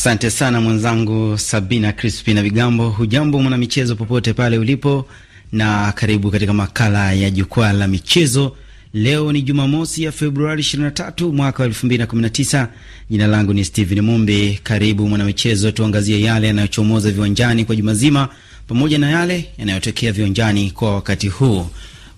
Asante sana mwenzangu Sabina Crispi na Vigambo. Hujambo mwanamichezo, popote pale ulipo, na karibu katika makala ya jukwaa la michezo. Leo ni Jumamosi ya Februari 23 mwaka wa 2019. Jina langu ni Steven Mumbi. Karibu mwanamichezo, tuangazie yale yanayochomoza viwanjani kwa juma zima pamoja na yale yanayotokea viwanjani kwa wakati huu.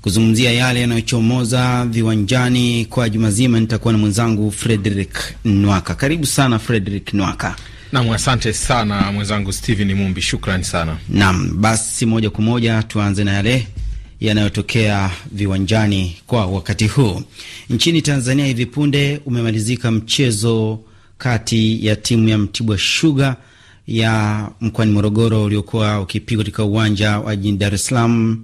Kuzungumzia yale yanayochomoza viwanjani kwa juma zima nitakuwa na mwenzangu Frederick Nwaka. Karibu sana Frederick Nwaka. Nam, asante sana mwenzangu Steven Mumbi, shukrani sana. Nam, basi moja kwa moja tuanze na yale yanayotokea viwanjani kwa wakati huu nchini Tanzania. Hivi punde umemalizika mchezo kati ya timu ya Mtibwa Sugar ya mkoani Morogoro uliokuwa ukipigwa katika uwanja wa jijini Dar es Salaam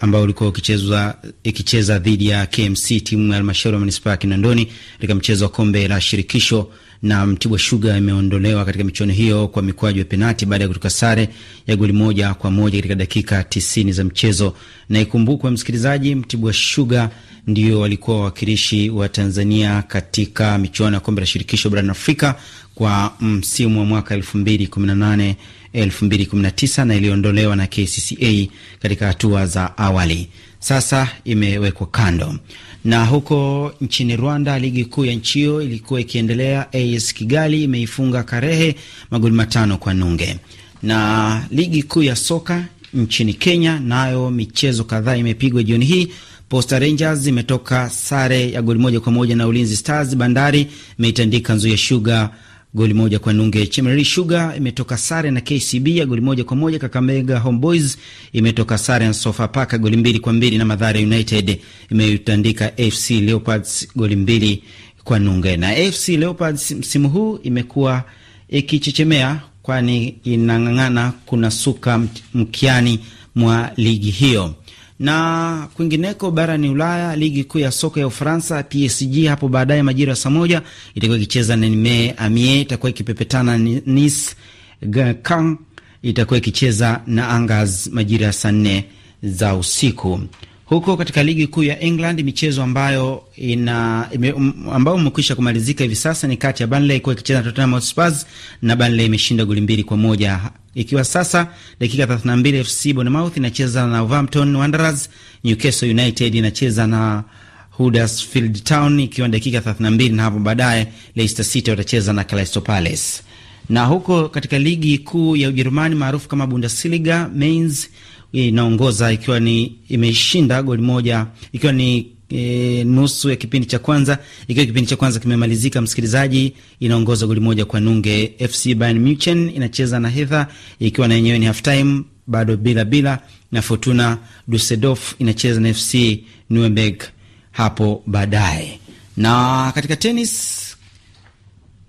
ambao ulikuwa ukichezwa ikicheza dhidi ya KMC, timu ya halmashauri ya manispaa ya Kinondoni katika mchezo wa kombe la shirikisho na Mtibwa Sugar imeondolewa katika michuano hiyo kwa mikwaju ya penati baada ya kutoka sare ya goli moja kwa moja katika dakika 90 za mchezo. Na ikumbukwe msikilizaji, Mtibwa Sugar ndio walikuwa wawakilishi wa Tanzania katika michuano ya kombe la shirikisho barani Afrika kwa msimu wa mwaka 2018 2019 na iliondolewa na KCCA katika hatua za awali, sasa imewekwa kando. Na huko nchini Rwanda, ligi kuu ya nchi hiyo ilikuwa ikiendelea. AS Kigali imeifunga Karehe magoli matano kwa nunge. Na ligi kuu ya soka nchini Kenya nayo na michezo kadhaa imepigwa jioni hii. Posta Rangers imetoka sare ya goli moja kwa moja na Ulinzi Stars. Bandari imeitandika Nzoia Sugar goli moja kwa nunge. Chemelil Sugar imetoka sare na KCB ya goli moja kwa moja. Kakamega Homeboys imetoka sare na Sofapaka goli mbili kwa mbili, na madhare United imeitandika FC Leopards goli mbili kwa nunge. Na FC Leopards msimu huu imekuwa ikichechemea, kwani inang'ang'ana kuna suka mkiani mwa ligi hiyo. Na kwingineko barani Ulaya, ligi kuu ya soka ya Ufaransa, PSG hapo baadaye majira ya saa moja itakuwa ikicheza na Nîmes amie itakuwa ikipepetana Nice. Caen itakuwa ikicheza na Angers majira ya saa nne za usiku. Huko katika ligi kuu ya England, michezo ambayo ina ambayo umekwisha kumalizika hivi sasa ni kati ya Burnley kuwa ikicheza na Tottenham Hotspur na Burnley imeshinda goli mbili kwa moja ikiwa sasa dakika 32 FC Bournemouth inacheza na Wolverhampton Wanderers, Newcastle United inacheza na Huddersfield Town ikiwa dakika 32, na hapo baadaye Leicester City watacheza na Crystal Palace. Na huko katika ligi kuu ya Ujerumani maarufu kama Bundesliga, Mainz inaongoza ikiwa ni imeshinda goli moja ikiwa ni e, nusu ya kipindi cha kwanza. Ikiwa kipindi cha kwanza kimemalizika, msikilizaji, inaongoza goli moja kwa nunge. FC Bayern Munchen inacheza na Hertha ikiwa na yenyewe ni half time bado bila bila, na Fortuna Dusseldorf inacheza na FC Nuremberg hapo baadaye. Na katika tenis,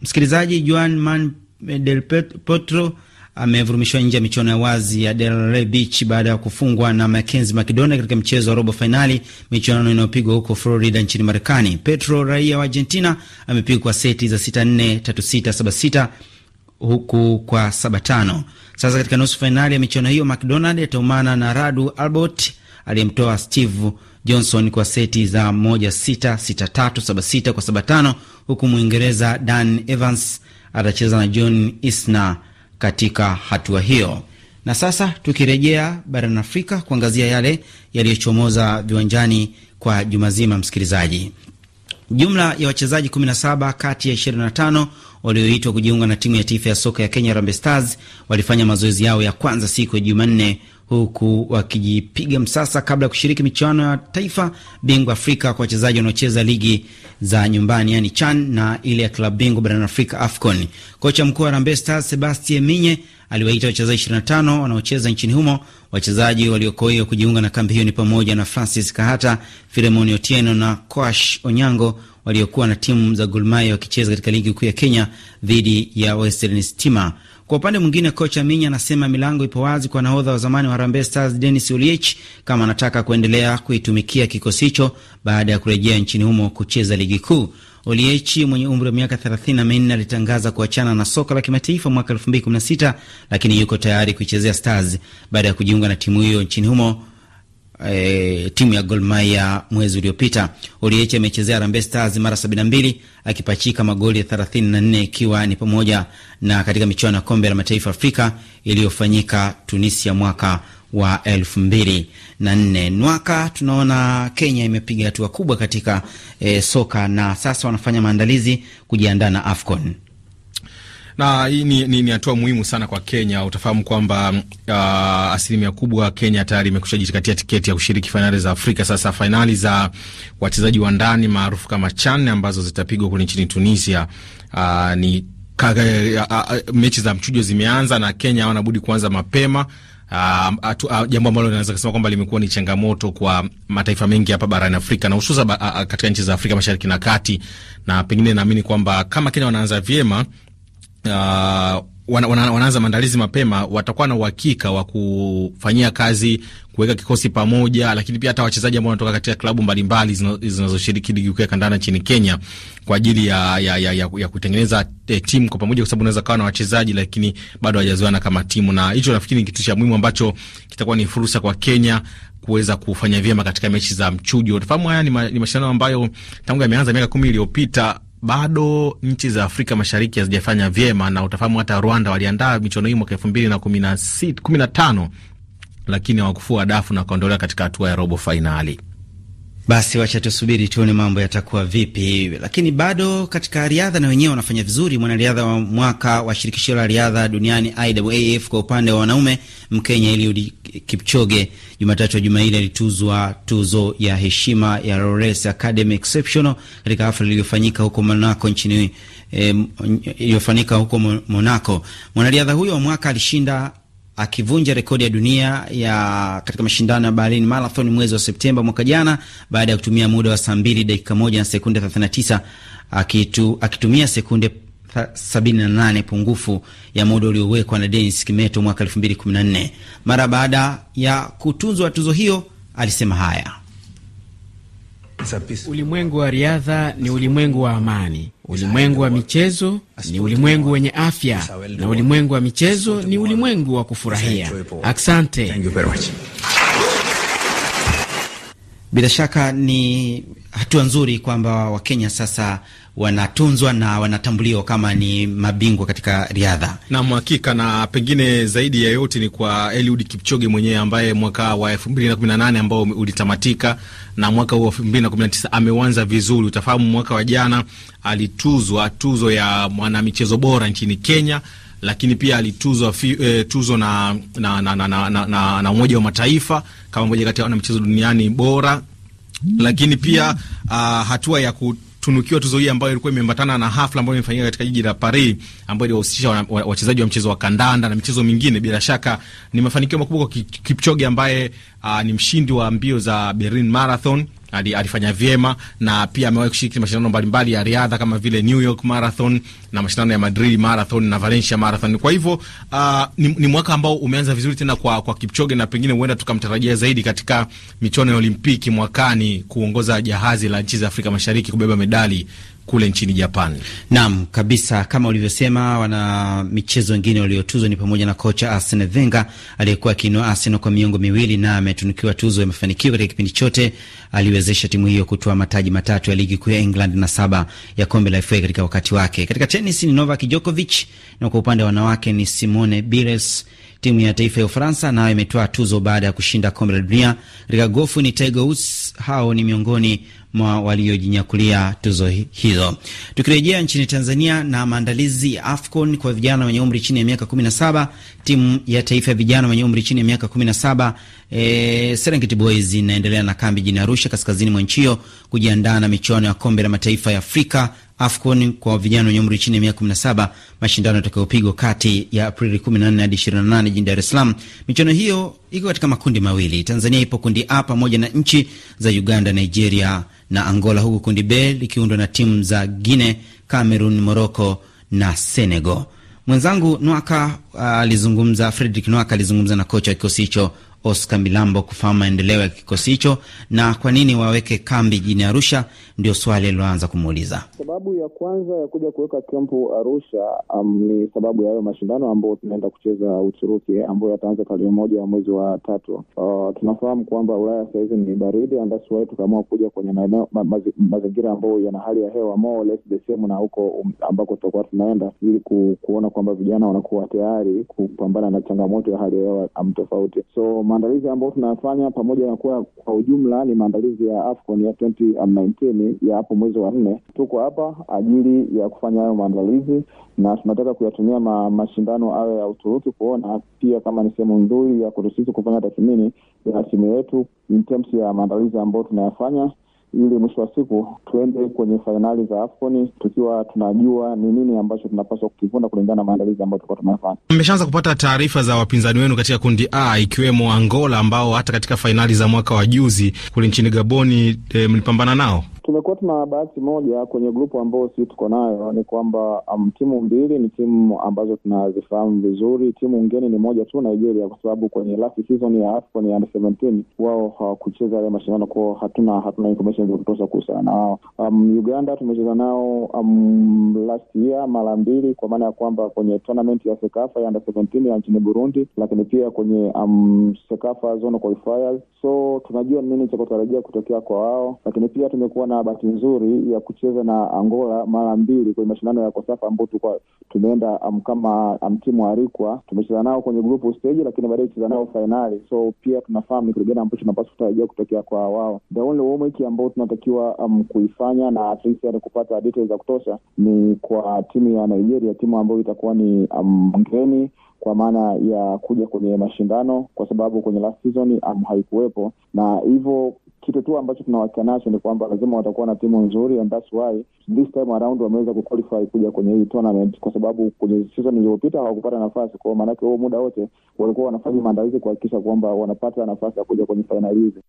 msikilizaji, Juan man Del Potro amevurumishwa nje ya michuano ya wazi ya Delray Beach baada ya kufungwa na Mackenzie Macedonia katika mchezo wa robo fainali, michuano inayopigwa huko Florida nchini Marekani. Petro, raia wa Argentina, amepigwa kwa seti za 6-4, 3-6, 7-6 huku kwa 7-5. Sasa katika nusu fainali ya michuano hiyo, McDonald ataumana na Radu albot aliyemtoa Steve Johnson kwa seti za 1-6, 6-3, 7-6 kwa 7-5, huku Mwingereza Dan Evans atacheza na John Isner katika hatua hiyo. Na sasa tukirejea barani Afrika kuangazia yale yaliyochomoza viwanjani kwa juma zima, msikilizaji, jumla ya wachezaji 17 kati ya 25 walioitwa kujiunga na timu ya taifa ya soka ya Kenya Harambee Stars walifanya mazoezi yao ya kwanza siku ya Jumanne huku wakijipiga msasa kabla ya kushiriki michuano ya taifa bingwa Afrika kwa wachezaji wanaocheza ligi za nyumbani, yani CHAN na ile ya klabu bingwa barani Afrika, AFCON. Kocha mkuu wa Harambee Stars Sebastien Minye aliwaita wachezaji 25 wanaocheza nchini humo. Wachezaji waliokoiwa kujiunga na kambi hiyo ni pamoja na Francis Kahata, Filemoni Otieno na Koash Onyango waliokuwa na timu za gulmai wakicheza katika ligi kuu ya Kenya dhidi ya Western Stima. Kwa upande mwingine, kocha Minya anasema milango ipo wazi kwa nahodha wa zamani wa Harambee Stars Denis Uliech kama anataka kuendelea kuitumikia kikosi hicho baada ya kurejea nchini humo kucheza ligi kuu. Oliechi mwenye umri wa miaka 34 alitangaza kuachana na soka la kimataifa mwaka 2016 lakini yuko tayari kuichezea Stars baada ya kujiunga na timu hiyo nchini humo e, timu ya Gor Mahia mwezi uliopita. Oliech amechezea Harambee Stars mara mbili akipachika magoli nne ikiwa ni pamoja na katika michuano ya kombe la mataifa Afrika iliyofanyika Tunisia mwaka wa elfu mbili na nne. Nwaka, tunaona Kenya imepiga hatua kubwa katika e, soka na sasa wanafanya maandalizi kujiandaa na AFCON na hii ni, ni hatua muhimu sana kwa Kenya. Utafahamu kwamba uh, asilimia kubwa Kenya tayari imekusha jitikatia tiketi ya kushiriki fainali za Afrika. Sasa fainali za wachezaji wa ndani maarufu kama CHAN ambazo zitapigwa kule nchini Tunisia uh, ni kaga, uh, uh, mechi za mchujo zimeanza na Kenya hawana budi kuanza mapema. Uh, jambo ambalo naweza kusema kwamba limekuwa ni changamoto kwa mataifa mengi hapa barani Afrika na hususan katika nchi za Afrika Mashariki na Kati, na pengine naamini kwamba kama Kenya wanaanza vyema Uh, wana, wana, wanaanza maandalizi mapema, watakuwa na uhakika wa kufanyia kazi kuweka kikosi pamoja, lakini pia hata wachezaji ambao wanatoka katika klabu mbalimbali zinazoshiriki ligi kuu ya kandanda nchini Kenya kwa ajili ya, ya, ya, ya, ya kutengeneza eh, timu kwa pamoja, kwa sababu unaweza kawa na wachezaji lakini bado hawajazoeana kama timu, na hicho nafikiri ni kitu cha muhimu ambacho kitakuwa ni fursa kwa Kenya kuweza kufanya vyema katika mechi za mchujo. Tafahamu haya ni, ma, ni mashindano ambayo tangu yameanza miaka kumi iliyopita bado nchi za Afrika Mashariki hazijafanya vyema, na utafahamu hata Rwanda waliandaa michuano hii mwaka elfu mbili na kumi na tano lakini hawakufua dafu na wakaondolewa katika hatua ya robo fainali. Basi wacha tusubiri tuone mambo yatakuwa vipi. Lakini bado katika riadha na wenyewe wanafanya vizuri. Mwanariadha wa mwaka wa shirikisho la riadha duniani IAAF kwa upande wa wanaume, Mkenya Eliud Kipchoge Jumatatu ya juma hili alituzwa tuzo ya heshima ya Lawrence Academy Exceptional katika hafla iliyofanyika huko Monaco nchini eh, iliyofanyika huko Monaco. Mwanariadha huyo wa mwaka alishinda akivunja rekodi ya dunia ya katika mashindano ya Berlin Marathon mwezi wa Septemba mwaka jana baada ya kutumia muda wa saa 2 dakika 1 na sekunde 39 akitu, akitumia sekunde 78 pungufu ya muda uliowekwa na Dennis Kimeto mwaka 2014. Mara baada ya kutunzwa tuzo hiyo alisema haya: ulimwengu wa riadha ni ulimwengu wa amani Ulimwengu wa michezo ni ulimwengu wenye afya, na ulimwengu wa michezo ni ulimwengu wa kufurahia. Asante. Bila shaka ni hatua nzuri kwamba Wakenya sasa wanatunzwa na wanatambuliwa kama ni mabingwa katika riadha. Naam, hakika na pengine zaidi ya yote ni kwa Eliud Kipchoge mwenyewe ambaye mwaka wa 2018 ambao ulitamatika na mwaka wa 2019 ameanza vizuri. Utafahamu mwaka wa jana alituzwa tuzo ya mwanamichezo bora nchini Kenya lakini pia alituzwa eh, tuzo na, na, na, na, na, na, na Umoja wa Mataifa kama mmoja kati ya wanamichezo duniani bora lakini pia uh, hatua ya kut tunukiwa tuzo hii ambayo ilikuwa imeambatana na hafla ambayo imefanyika katika jiji la Paris ambayo iliwahusisha wachezaji wa mchezo wa kandanda na michezo mingine. Bila shaka ni mafanikio makubwa kwa Kipchoge ambaye uh, ni mshindi wa mbio za Berlin Marathon alifanya vyema na pia amewahi kushiriki mashindano mbalimbali ya riadha kama vile New York Marathon na mashindano ya Madrid Marathon na Valencia Marathon. Kwa hivyo uh, ni, ni mwaka ambao umeanza vizuri tena kwa, kwa Kipchoge na pengine huenda tukamtarajia zaidi katika michuano ya Olimpiki mwakani kuongoza jahazi la nchi za Afrika Mashariki kubeba medali kule nchini Japan. Naam, kabisa kama ulivyosema, wana michezo wengine waliotuzwa ni pamoja na kocha Arsene Wenger aliyekuwa akiinua Arsenal kwa miongo miwili na ametunukiwa tuzo ya mafanikio katika kipindi chote. Aliwezesha timu hiyo kutoa mataji matatu ya ligi kuu ya England na saba ya kombe la FA katika wakati wake. Katika tenis ni Novak Djokovic na kwa upande wa wanawake ni Simone Biles Timu ya taifa ya Ufaransa nayo imetoa tuzo baada ya kushinda kombe la dunia katika gofu. Ni Tiger Woods, hao ni miongoni mwa waliojinyakulia tuzo hizo. Tukirejea nchini Tanzania na maandalizi ya AFCON kwa vijana wenye umri chini ya miaka 17, timu ya taifa ya vijana wenye umri chini ya miaka 17 e, eh, Serengeti Boys inaendelea na kambi jini Arusha, kaskazini mwa nchi hiyo kujiandaa na michuano ya kombe la mataifa ya Afrika AFCON kwa vijana wenye umri chini ya miaka 17, mashindano yatakayopigwa kati ya Aprili 14 hadi 28 jijini Dar es Salaam. Michuano hiyo iko katika makundi mawili. Tanzania ipo kundi A pamoja na nchi za Uganda, Nigeria na Angola, huku kundi B likiundwa na timu za Guinea, Cameroon, Morocco na Senegal. Mwenzangu Nwaka uh, alizungumza, Fredrick Nwaka alizungumza na kocha wa kikosi hicho Oscar Milambo kufahamu maendeleo ya kikosi hicho na kwa nini waweke kambi jijini Arusha, ndio swali liloanza kumuuliza. Sababu ya kwanza ya kuja kuweka kampu Arusha um, ni sababu ya hayo mashindano ambayo tunaenda kucheza Uturuki, ambayo yataanza tarehe moja ya mwezi wa tatu. Uh, tunafahamu kwamba Ulaya sahizi ni baridi and tukaamua kuja kwenye maeneo ma, ma, mazingira ambayo yana hali ya hewa more or less the same na huko um, ambako tutakuwa tunaenda ili ku, kuona kwamba vijana wanakuwa tayari kupambana na changamoto ya hali ya hewa um, tofauti so maandalizi ambayo tunayafanya pamoja na kuwa kwa ujumla ni maandalizi ya AFCON ya 2019 ya hapo mwezi wa nne. Tuko hapa ajili ya kufanya hayo maandalizi, na tunataka kuyatumia ma, mashindano ayo ya Uturuki kuona pia kama ni sehemu nzuri ya kutusisi kufanya tathmini ya timu yetu in terms ya maandalizi ambayo tunayafanya ili mwisho wa siku tuende kwenye fainali za Afoni tukiwa tunajua ni nini ambacho tunapaswa kukivuna kulingana na maandalizi ambayo tulikuwa tumefanya. Mmeshaanza kupata taarifa za wapinzani wenu katika kundi A ikiwemo Angola ambao hata katika fainali za mwaka wa juzi kule nchini Gaboni e, mlipambana nao tumekuwa tuna bahati moja kwenye grupu ambayo sii tuko nayo ni kwamba um, timu mbili ni timu ambazo tunazifahamu vizuri. Timu ngeni ni moja tu, Nigeria, kwa sababu kwenye last season ya AFCON ya wao hawakucheza yale mashindano kwao, hatuna hatuna information za kutosha kuhusiana na wao. Um, Uganda tumecheza nao um, last year mara mbili, kwa maana ya kwamba kwenye tournament ya Sekafa ya ya nchini Burundi, lakini pia kwenye um, Sekafa zone qualifiers, so tunajua nini cha kutarajia kutokea kwa wao, lakini pia tumekuwa na na bahati nzuri ya kucheza na Angola mara mbili kwenye mashindano ya Kosafa ambao tulikuwa tumeenda um, kama um, timu arikwa tumecheza nao kwenye grupu stage, lakini baadaye kucheza nao fainali. So pia tunafahamu ni kitu gani ambacho tunapaswa kutarajia kutokea kwa wao. The only homework ambao tunatakiwa um, kuifanya na at least yani kupata details za kutosha ni kwa timu ya Nigeria, timu ambayo itakuwa ni um, mgeni um, kwa maana ya kuja kwenye mashindano, kwa sababu kwenye last season um, haikuwepo na hivyo kitu tu ambacho tunawakia nacho ni kwamba lazima watakuwa na timu nzuri, and that's why this time around wameweza kuqualify kuja kwenye hii tournament, kwa sababu kwenye season iliyopita hawakupata nafasi kwao. Maanake huo muda wote walikuwa wanafanya maandalizi kuhakikisha kwamba wanapata nafasi ya kuja kwenye fainali hizi.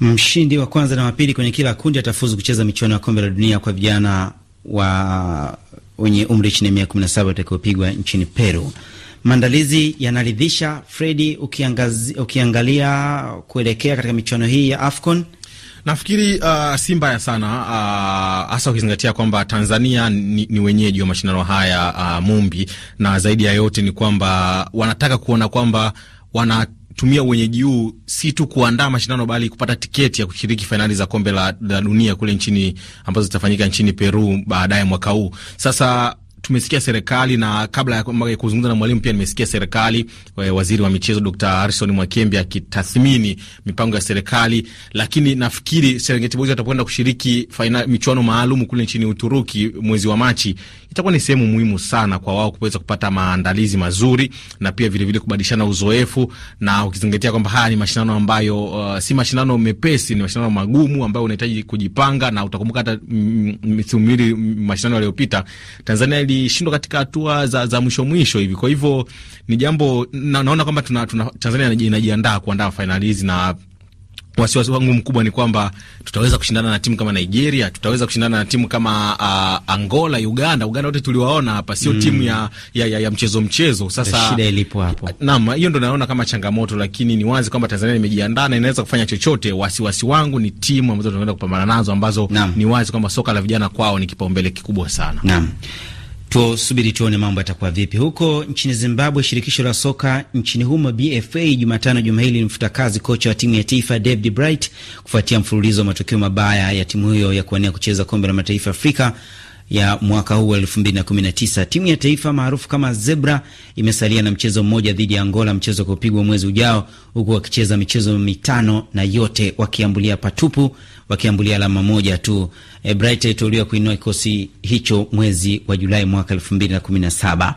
Mshindi wa kwanza na wapili kwenye kila kundi atafuzu kucheza michuano ya kombe la dunia kwa vijana wa wenye umri chini ya miaka kumi na saba utakaopigwa nchini Peru. Maandalizi yanaridhisha Fredi, ukiangalia kuelekea katika michuano hii ya AFCON? Nafikiri uh, si mbaya sana uh, hasa uh, ukizingatia kwamba Tanzania ni, ni wenyeji wa mashindano haya uh, Mumbi, na zaidi ya yote ni kwamba wanataka kuona kwamba wana tumia uwenyeji huu si tu kuandaa mashindano bali kupata tiketi ya kushiriki fainali za kombe la, la dunia kule nchini ambazo zitafanyika nchini Peru baadaye mwaka huu. Sasa tumesikia serikali na kabla ya kuzungumza na mwalimu pia nimesikia serikali, eh, waziri wa michezo Dr. Harrison Mwakembe akitathmini mipango ya serikali, lakini nafikiri Serengeti Boys watakwenda kushiriki fainali, michuano maalum kule nchini Uturuki mwezi wa Machi. Itakuwa ni sehemu muhimu sana kwa wao kuweza kupata maandalizi mazuri na pia vilevile kubadilishana uzoefu, na ukizingatia kwamba haya ni mashindano ambayo uh, si mashindano mepesi, ni mashindano magumu ambayo unahitaji kujipanga, na utakumbuka hata msimu miwili mashindano yaliyopita Tanzania ilishindwa katika hatua za, za mwisho mwisho hivi. Kwa hivyo ni jambo na, naona kwamba tuna, tuna, Tanzania inajiandaa kuandaa fainali hizi na wasiwasi wangu mkubwa ni kwamba tutaweza kushindana na timu kama Nigeria, tutaweza kushindana na timu kama uh, Angola, Uganda. Uganda wote tuliwaona hapa, sio mm, timu ya, ya, ya, ya mchezo mchezo. Sasa shida ilipo hapo, naam, hiyo ndo naona kama changamoto, lakini ni wazi kwamba Tanzania imejiandaa na inaweza kufanya chochote. Wasiwasi wasi wangu ni timu ambazo tunaenda kupambana nazo ambazo naam, ni wazi kwamba soka la vijana kwao ni kipaumbele kikubwa sana naam. Tusubiri tuone mambo yatakuwa vipi huko nchini Zimbabwe. Shirikisho la soka nchini humo BFA Jumatano juma hili limfuta kazi kocha wa timu ya taifa David Bright kufuatia mfululizo wa matokeo mabaya ya timu hiyo ya kuwania kucheza kombe la mataifa Afrika ya mwaka huu 2019. Timu ya taifa maarufu kama Zebra imesalia na mchezo mmoja dhidi ya Angola, mchezo kupigwa mwezi ujao, huku wakicheza michezo mitano na yote wakiambulia patupu, wakiambulia alama moja tu. E, eh, Bright aliteuliwa kuinua kikosi hicho mwezi wa Julai mwaka 2017.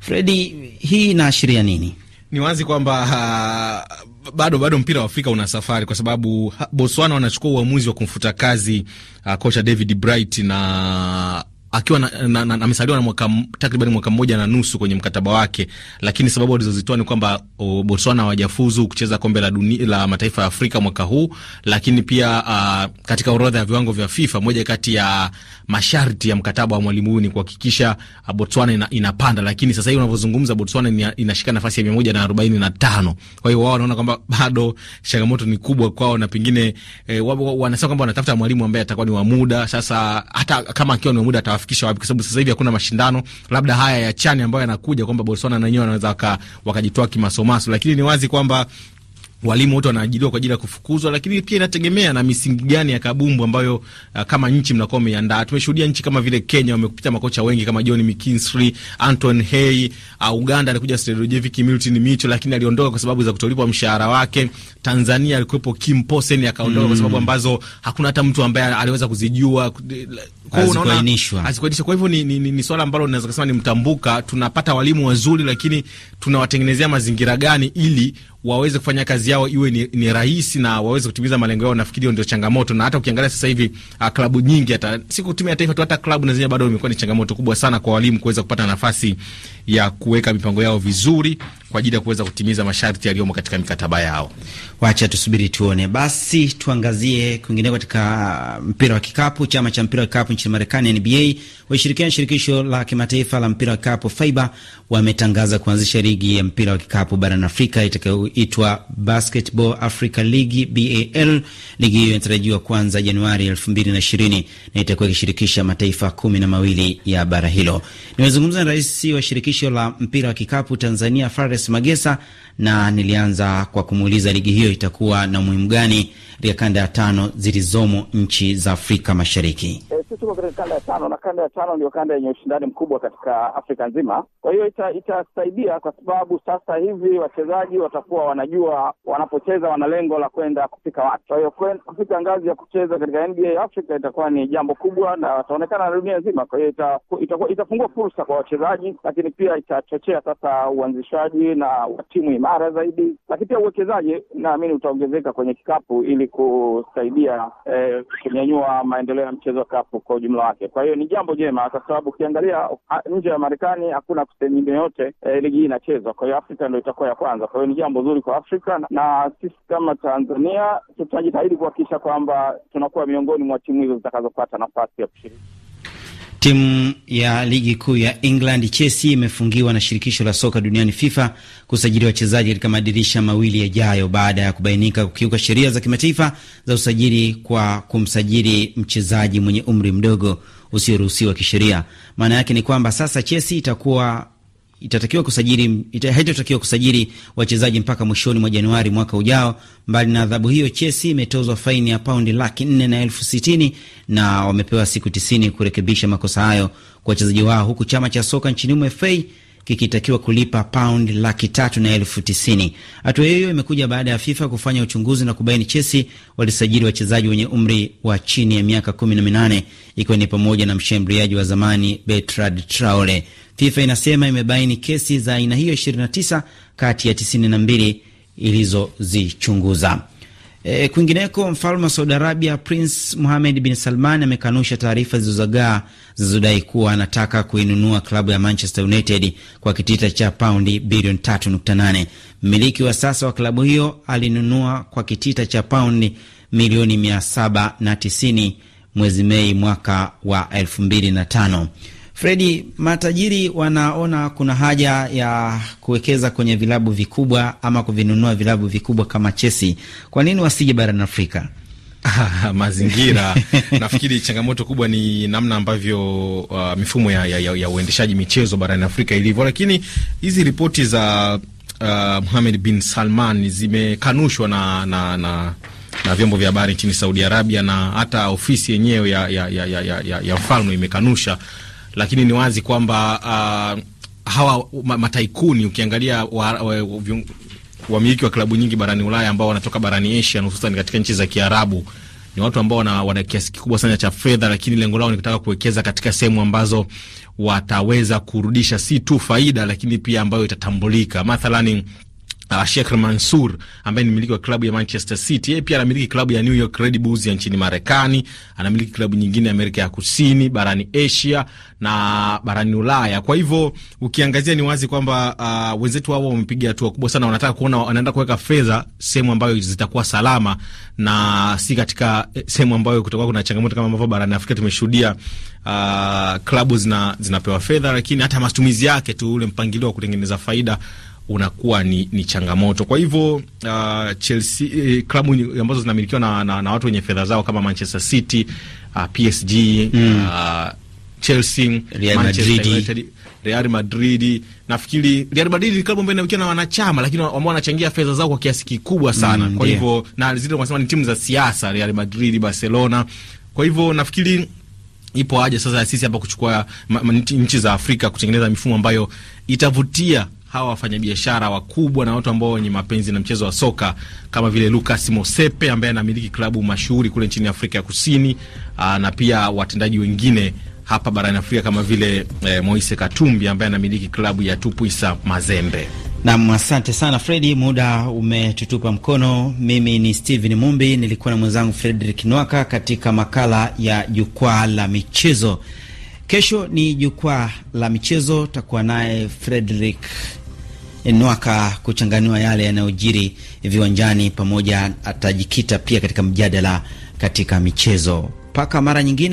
Fredi, hii inaashiria nini? Ni wazi kwamba uh, bado bado mpira wa Afrika una safari, kwa sababu Botswana wanachukua uamuzi wa kumfuta kazi uh, kocha David Bright na akiwa amesaliwa na na, na, na takriban mwaka mmoja na nusu kwenye mkataba wake, lakini sababu alizozitoa ni kwamba Botswana hawajafuzu kucheza kombe la dunia la mataifa ya Afrika mwaka huu, lakini pia uh, katika orodha ya viwango vya FIFA, moja kati ya masharti ya mkataba wa mwalimu huyu ni kuhakikisha uh, Botswana ina, inapanda. Lakini sasa hivi unavyozungumza Botswana inashika nafasi ya mia moja na arobaini na tano. Kwa hiyo wao wanaona kwamba bado changamoto ni kubwa kwao, na pengine eh, wanasema kwamba wanatafuta mwalimu ambaye atakuwa ni wa muda sasa, hata kama akiwa ni wa muda watawafikisha wapi, kwa sababu sasa hivi hakuna mashindano labda haya ya chani ambayo yanakuja kwamba Botswana na wenyewe wanaweza wakajitoa kimasomaso, lakini ni wazi kwamba walimu wote wanaajiriwa kwa ajili ya kufukuzwa, lakini pia inategemea na misingi gani ya kabumbu ambayo uh, kama nchi mnakuwa mmeiandaa. Tumeshuhudia nchi kama vile Kenya wamekupita makocha wengi kama John McKinstry, Anton Hey. Uh, Uganda alikuja Sredojevic, Milton Micho, lakini aliondoka kwa sababu za kutolipwa mshahara wake. Tanzania alikuwepo Kim Posen akaondoka mm, kwa sababu mm. ambazo hakuna hata mtu ambaye aliweza kuzijua eh, azikuainishwa. Kwa hivyo ni, ni, ni, ni swala ambalo naweza kusema ni mtambuka. Tunapata walimu wazuri, lakini tunawatengenezea mazingira gani ili waweze kufanya kazi yao iwe ni, ni rahisi na waweze kutimiza malengo yao. Nafikiri ndio changamoto, na hata ukiangalia sasa hivi uh, klabu nyingi hata siku timu ya taifa tu, hata klabu na zenyewe bado imekuwa ni changamoto kubwa sana kwa walimu kuweza kupata nafasi ya kuweka mipango yao vizuri kwa ajili ya kuweza kutimiza masharti yaliyomo katika mikataba yao. Wacha tusubiri tuone. Basi tuangazie kwingineko katika uh, mpira wa kikapu. Chama cha mpira wa kikapu nchini Marekani, NBA, washirikiana shirikisho la kimataifa la mpira wa kikapu FIBA wametangaza kuanzisha ligi ya mpira wa kikapu barani Afrika itakayoitwa Basketball Africa League BAL. Ligi hiyo inatarajiwa kuanza Januari elfu mbili na ishirini na itakuwa ikishirikisha mataifa kumi na mawili ya bara hilo. Nimezungumza na rais wa shirikisho la mpira wa kikapu Tanzania Fares Charles Magesa, na nilianza kwa kumuuliza ligi hiyo itakuwa na umuhimu gani katika kanda ya tano zilizomo nchi za Afrika Mashariki tuko katika kanda ya tano na kanda ya tano ndio kanda yenye ushindani mkubwa katika Afrika nzima. Kwa hiyo itasaidia ita kwa sababu sasa hivi wachezaji watakuwa wanajua wanapocheza wana lengo la kwenda kufika watu Kwa hiyo kufika ngazi ya kucheza katika NBA Africa itakuwa ni jambo kubwa na wataonekana na dunia nzima. Kwa hiyo ita, ita, fursa kwa wachezaji, lakini pia itachochea sasa uanzishaji na wa timu imara zaidi, lakini pia uwekezaji naamini utaongezeka kwenye kikapu ili kusaidia eh, kunyanyua maendeleo ya mchezo wa kapu kwa ujumla wake. Kwa hiyo ni jambo jema, kwa sababu ukiangalia nje ya Marekani hakuna sehemu nyingine yote eh, ligi hii inachezwa. Kwa hiyo Afrika ndo itakuwa ya kwanza, kwa hiyo ni jambo zuri kwa Afrika na sisi kama Tanzania tunajitahidi kuhakikisha kwamba tunakuwa miongoni mwa timu hizo zitakazopata nafasi ya kushiriki. Timu ya ligi kuu ya England Chelsea imefungiwa na shirikisho la soka duniani FIFA kusajili wachezaji katika madirisha mawili yajayo baada ya kubainika kukiuka sheria za kimataifa za usajili kwa kumsajili mchezaji mwenye umri mdogo usioruhusiwa kisheria. Maana yake ni kwamba sasa Chelsea itakuwa itatakiwa kusajili ita, haitatakiwa kusajili wachezaji mpaka mwishoni mwa Januari mwaka ujao. Mbali na adhabu hiyo, Chelsea imetozwa faini ya paundi laki nne na elfu sitini na wamepewa siku tisini kurekebisha makosa hayo kwa wachezaji wao, huku chama cha soka nchini humo FA kikitakiwa kulipa paundi laki tatu na elfu tisini. Hatua hiyo imekuja baada ya FIFA kufanya uchunguzi na kubaini Chelsea walisajili wachezaji wenye umri wa chini ya miaka kumi na minane ikiwa ni pamoja na mshambuliaji wa zamani Bertrand Traore. FIFA inasema imebaini kesi za aina hiyo 29 kati ya 92 ilizozichunguza. E, kwingineko mfalme wa Saudi Arabia Prince muhamed bin Salman amekanusha taarifa zilizozagaa zilizodai kuwa anataka kuinunua klabu ya Manchester United kwa kitita cha paundi bilioni 3.8. Mmiliki wa sasa wa klabu hiyo alinunua kwa kitita cha paundi milioni 790 mwezi Mei mwaka wa 2005. Fredi, matajiri wanaona kuna haja ya kuwekeza kwenye vilabu vikubwa ama kuvinunua vilabu vikubwa kama Chelsea. Kwa nini wasije barani Afrika? Mazingira nafikiri changamoto kubwa ni namna ambavyo uh, mifumo ya, ya, ya uendeshaji michezo barani Afrika ilivyo, lakini hizi ripoti za uh, Muhamed bin Salman zimekanushwa na, na, na na vyombo vya habari nchini Saudi Arabia na hata ofisi yenyewe ya, ya, ya, ya, ya, ya mfalme imekanusha lakini ni wazi kwamba uh, hawa mataikuni ukiangalia wamiliki wa, wa klabu nyingi barani Ulaya ambao wanatoka barani Asia hususan katika nchi za Kiarabu ni watu ambao wana, wana kiasi kikubwa sana cha fedha, lakini lengo lao ni kutaka kuwekeza katika sehemu ambazo wataweza kurudisha si tu faida, lakini pia ambayo itatambulika mathalani Uh, Sheikh Mansour ambaye ni mmiliki wa klabu ya Manchester City. Yeye pia anamiliki klabu ya New York Red Bulls ya nchini Marekani, anamiliki klabu nyingine Amerika ya Kusini, barani Asia na barani Ulaya. Kwa hivyo ukiangazia ni wazi kwamba uh, wenzetu hao wamepiga hatua kubwa sana, wanataka kuona wanaenda kuweka fedha sehemu ambayo zitakuwa salama na si katika eh, sehemu ambayo kutakuwa kuna changamoto kama ambavyo barani Afrika tumeshuhudia uh, klabu zina, zinapewa fedha lakini hata matumizi yake tu ule mpangilio wa kutengeneza faida unakuwa ni, ni changamoto. Kwa hivyo uh, Chelsea eh, klabu ambazo zinamilikiwa na, na, na watu wenye fedha zao kama Manchester City uh, PSG mm. uh, Chelsea, Real Real Madrid. Nafikiri Real Madrid ni klabu ambayo inamilikiwa na wanachama, lakini ambao wanachangia fedha zao kwa kiasi kikubwa hmm, sana mm, kwa hivyo yeah. na zile wanasema ni timu za siasa, Real Madrid, Barcelona. Kwa hivyo nafikiri ipo haja sasa sisi hapa kuchukua nchi za Afrika kutengeneza mifumo ambayo itavutia hawa wafanyabiashara wakubwa na watu ambao wenye mapenzi na mchezo wa soka kama vile Lucas Mosepe ambaye anamiliki klabu mashuhuri kule nchini Afrika ya Kusini, aa, na pia watendaji wengine hapa barani Afrika kama vile e, Moise Katumbi ambaye anamiliki klabu ya Tupuisa Mazembe. Nam, asante sana Fredi, muda umetutupa mkono. Mimi ni Steven Mumbi, nilikuwa na mwenzangu Fredrik Nwaka katika makala ya jukwaa la michezo. Kesho ni jukwaa la michezo, takuwa naye Fredrik Eh, nwaka kuchanganua yale yanayojiri viwanjani, pamoja atajikita pia katika mjadala katika michezo. Mpaka mara nyingine.